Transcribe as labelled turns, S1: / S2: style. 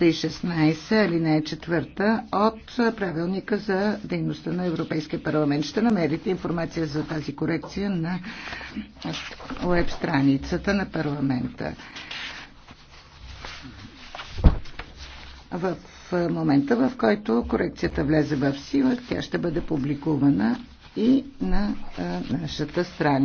S1: 316, алинея 4 от правилника за дейността на Европейския парламент. Ще намерите информация за тази корекция на уеб страницата на парламента. В момента, в който корекцията влезе в сила, тя ще бъде публикувана и на нашата страница.